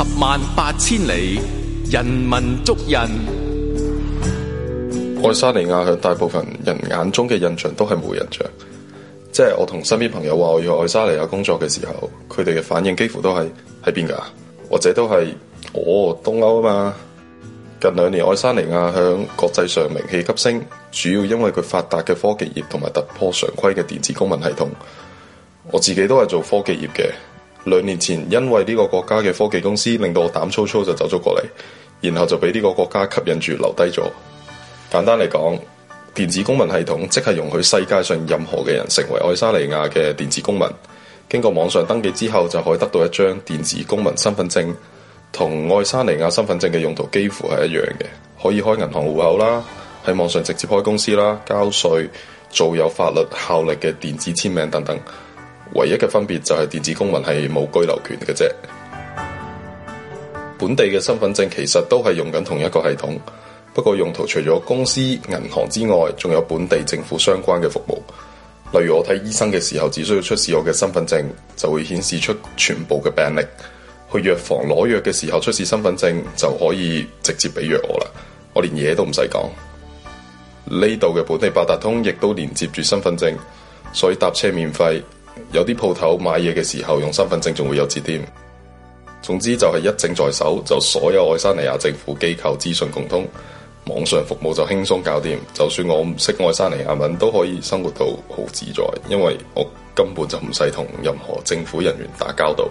十萬八千里，人文足印。愛沙尼亞響大部分人眼中嘅印象都係冇印象，即係我同身邊朋友話我要去愛沙尼亞工作嘅時候，佢哋嘅反應幾乎都係喺邊㗎，或者都係哦，東歐吖嘛。近兩年愛沙尼亞響國際上名氣急升，主要因為佢發達嘅科技業同埋突破常規嘅電子公民系統。我自己都係做科技業嘅。兩年前，因為呢個國家嘅科技公司，令到我膽粗粗就走咗過嚟，然後就俾呢個國家吸引住留低咗。簡單嚟講，電子公民系統即係容許世界上任何嘅人成為愛沙尼亞嘅電子公民。經過網上登記之後，就可以得到一張電子公民身份證，同愛沙尼亞身份證嘅用途幾乎係一樣嘅，可以開銀行戶口啦，喺網上直接開公司啦，交稅、做有法律效力嘅電子簽名等等。唯一嘅分別就係電子公民係冇居留權嘅啫。本地嘅身份證其實都係用緊同一個系統，不過用途除咗公司、銀行之外，仲有本地政府相關嘅服務。例如我睇醫生嘅時候，只需要出示我嘅身份證，就會顯示出全部嘅病歷。去藥房攞藥嘅時候，出示身份證就可以直接俾藥我啦。我連嘢都唔使講。呢度嘅本地八達通亦都連接住身份證，所以搭車免費。有啲鋪頭買嘢嘅時候用身份證仲會有折添，總之就係一證在手就所有愛沙尼亞政府機構資訊共通，網上服務就輕鬆搞掂，就算我唔識愛沙尼亞文都可以生活到好自在，因為我根本就唔使同任何政府人員打交道。